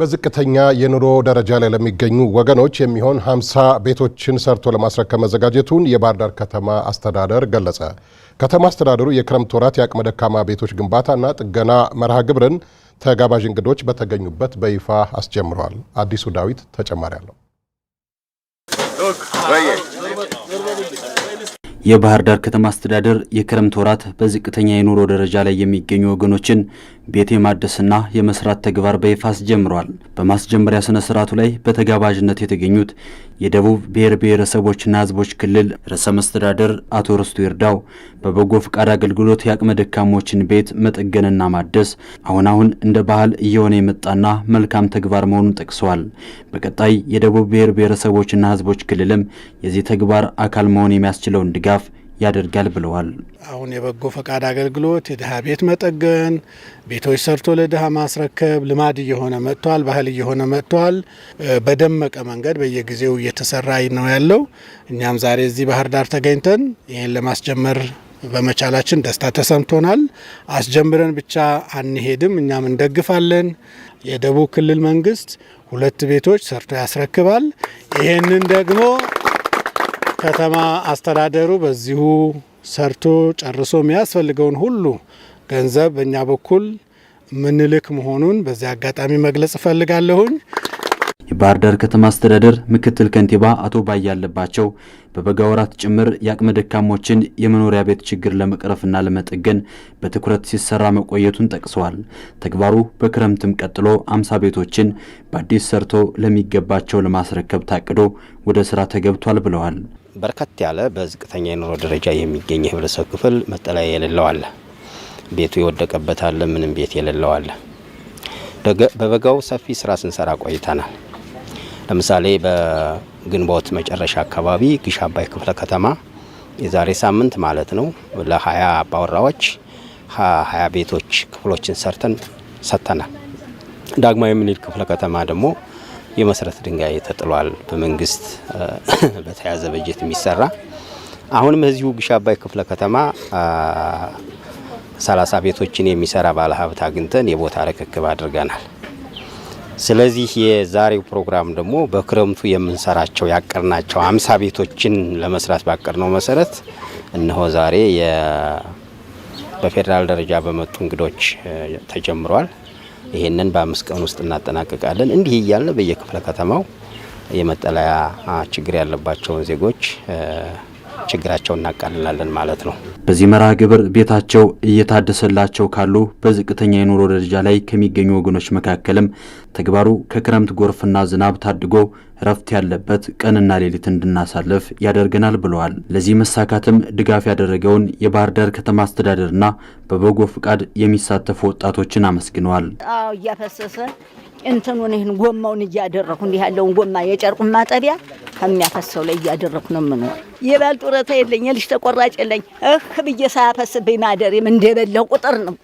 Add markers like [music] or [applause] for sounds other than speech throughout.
በዝቅተኛ የኑሮ ደረጃ ላይ ለሚገኙ ወገኖች የሚሆን 50 ቤቶችን ሰርቶ ለማስረከብ መዘጋጀቱን የባህርዳር ዳር ከተማ አስተዳደር ገለጸ። ከተማ አስተዳደሩ የክረምት ወራት የአቅመ ደካማ ቤቶች ግንባታና ጥገና መርሃ ግብርን ተጋባዥ እንግዶች በተገኙበት በይፋ አስጀምረዋል። አዲሱ ዳዊት ተጨማሪ አለው። የባህር ዳር ከተማ አስተዳደር የክረምት ወራት በዝቅተኛ የኑሮ ደረጃ ላይ የሚገኙ ወገኖችን ቤት የማደስና የመስራት ተግባር በይፋ አስጀምሯል። በማስጀመሪያ ስነ ስርዓቱ ላይ በተጋባዥነት የተገኙት የደቡብ ብሔር ብሔረሰቦችና ሕዝቦች ክልል ርዕሰ መስተዳደር አቶ ርስቱ ይርዳው በበጎ ፈቃድ አገልግሎት የአቅመ ደካሞችን ቤት መጠገንና ማደስ አሁን አሁን እንደ ባህል እየሆነ የመጣና መልካም ተግባር መሆኑን ጠቅሰዋል። በቀጣይ የደቡብ ብሔር ብሔረሰቦችና ሕዝቦች ክልልም የዚህ ተግባር አካል መሆን የሚያስችለውን ድጋፍ ያደርጋል ብለዋል። አሁን የበጎ ፈቃድ አገልግሎት የድሃ ቤት መጠገን፣ ቤቶች ሰርቶ ለድሃ ማስረከብ ልማድ እየሆነ መጥቷል፣ ባህል እየሆነ መጥቷል። በደመቀ መንገድ በየጊዜው እየተሰራ ነው ያለው። እኛም ዛሬ እዚህ ባህር ዳር ተገኝተን ይህን ለማስጀመር በመቻላችን ደስታ ተሰምቶናል። አስጀምረን ብቻ አንሄድም፣ እኛም እንደግፋለን። የደቡብ ክልል መንግስት ሁለት ቤቶች ሰርቶ ያስረክባል። ይህንን ደግሞ ከተማ አስተዳደሩ በዚሁ ሰርቶ ጨርሶ የሚያስፈልገውን ሁሉ ገንዘብ በእኛ በኩል ምንልክ መሆኑን በዚህ አጋጣሚ መግለጽ እፈልጋለሁኝ። የባህር ዳር ከተማ አስተዳደር ምክትል ከንቲባ አቶ ያለባቸው በበጋ ወራት ጭምር የአቅመ ደካሞችን የመኖሪያ ቤት ችግር ለመቅረፍና ለመጠገን በትኩረት ሲሰራ መቆየቱን ጠቅሰዋል። ተግባሩ በክረምትም ቀጥሎ አምሳ ቤቶችን በአዲስ ሰርቶ ለሚገባቸው ለማስረከብ ታቅዶ ወደ ስራ ተገብቷል ብለዋል። በርከት ያለ በዝቅተኛ የኑሮ ደረጃ የሚገኝ የህብረተሰብ ክፍል መጠለያ የሌለው አለ። ቤቱ የወደቀበት አለ። ምንም ቤት የሌለው አለ። በበጋው ሰፊ ስራ ስንሰራ ቆይተናል። ለምሳሌ በግንቦት መጨረሻ አካባቢ ግሽ አባይ ክፍለ ከተማ የዛሬ ሳምንት ማለት ነው ለ20 አባወራዎች ሀያ ቤቶች ክፍሎችን ሰርተን ሰጥተናል። ዳግማዊ ምኒልክ ክፍለ ከተማ ደግሞ የመሰረት ድንጋይ ተጥሏል። በመንግስት [clears throat] በተያዘ በጀት የሚሰራ አሁንም እዚሁ ግሽ አባይ ክፍለ ከተማ ሰላሳ ቤቶችን የሚሰራ ባለሀብት አግኝተን የቦታ ርክክብ አድርገናል። ስለዚህ የዛሬው ፕሮግራም ደግሞ በክረምቱ የምንሰራቸው ያቀርናቸው አምሳ ቤቶችን ለመስራት ነው መሰረት እነሆ ዛሬ በፌዴራል ደረጃ በመጡ እንግዶች ተጀምሯል። ይሄንን በአምስት ቀን ውስጥ እናጠናቀቃለን። እንዲህ እያልን በየክፍለ ከተማው የመጠለያ ችግር ያለባቸውን ዜጎች ችግራቸው እናቃልላለን ማለት ነው። በዚህ መርሃ ግብር ቤታቸው እየታደሰላቸው ካሉ በዝቅተኛ የኑሮ ደረጃ ላይ ከሚገኙ ወገኖች መካከልም ተግባሩ ከክረምት ጎርፍና ዝናብ ታድጎ እረፍት ያለበት ቀንና ሌሊት እንድናሳልፍ ያደርገናል ብለዋል። ለዚህ መሳካትም ድጋፍ ያደረገውን የባህር ዳር ከተማ አስተዳደርና በበጎ ፍቃድ የሚሳተፉ ወጣቶችን አመስግነዋል። አዎ እያፈሰሰ እንትኑን ይህን ጎማውን እያደረኩ እንዲህ ያለውን ጎማ የጨርቁን ማጠቢያ ከሚያፈሰው ላይ እያደረኩ ነው የምኖር። የባል ጡረታ የለኝ፣ የልጅ ተቆራጭ የለኝ። እህ ብዬ ሳያፈስብኝ ማደሬም እንደበለው ቁጥር ነው፣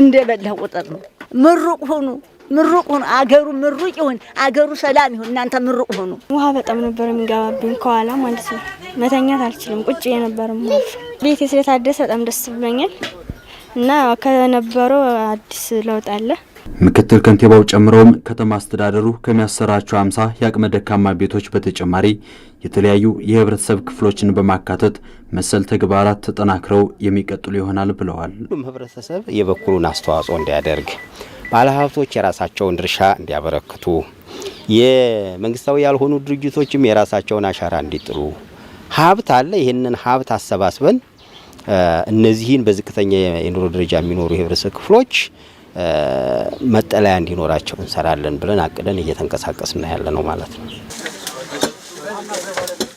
እንደበለው ቁጥር ነው። ምሩቅ ሁኑ፣ ምሩቅ ሁኑ። አገሩ ምሩቅ ይሁን፣ አገሩ ሰላም ይሁን። እናንተ ምሩቅ ሁኑ። ውሃ በጣም ነበር የሚገባብኝ ከኋላ ማለት ነው። መተኛት አልችልም፣ ቁጭ የነበርም ቤቴ ስለታደሰ በጣም ደስ ብሎኛል እና ከነበረው አዲስ ለውጥ አለ። ምክትል ከንቲባው ጨምረውም ከተማ አስተዳደሩ ከሚያሰራቸው አምሳ የአቅመ ደካማ ቤቶች በተጨማሪ የተለያዩ የህብረተሰብ ክፍሎችን በማካተት መሰል ተግባራት ተጠናክረው የሚቀጥሉ ይሆናል ብለዋል። ሁሉም ህብረተሰብ የበኩሉን አስተዋጽኦ እንዲያደርግ፣ ባለሀብቶች የራሳቸውን ድርሻ እንዲያበረክቱ፣ የመንግስታዊ ያልሆኑ ድርጅቶችም የራሳቸውን አሻራ እንዲጥሉ፣ ሀብት አለ። ይህንን ሀብት አሰባስበን እነዚህን በዝቅተኛ የኑሮ ደረጃ የሚኖሩ የህብረተሰብ ክፍሎች መጠለያ እንዲኖራቸው እንሰራለን ብለን አቅደን እየተንቀሳቀስና ያለ ነው ማለት ነው።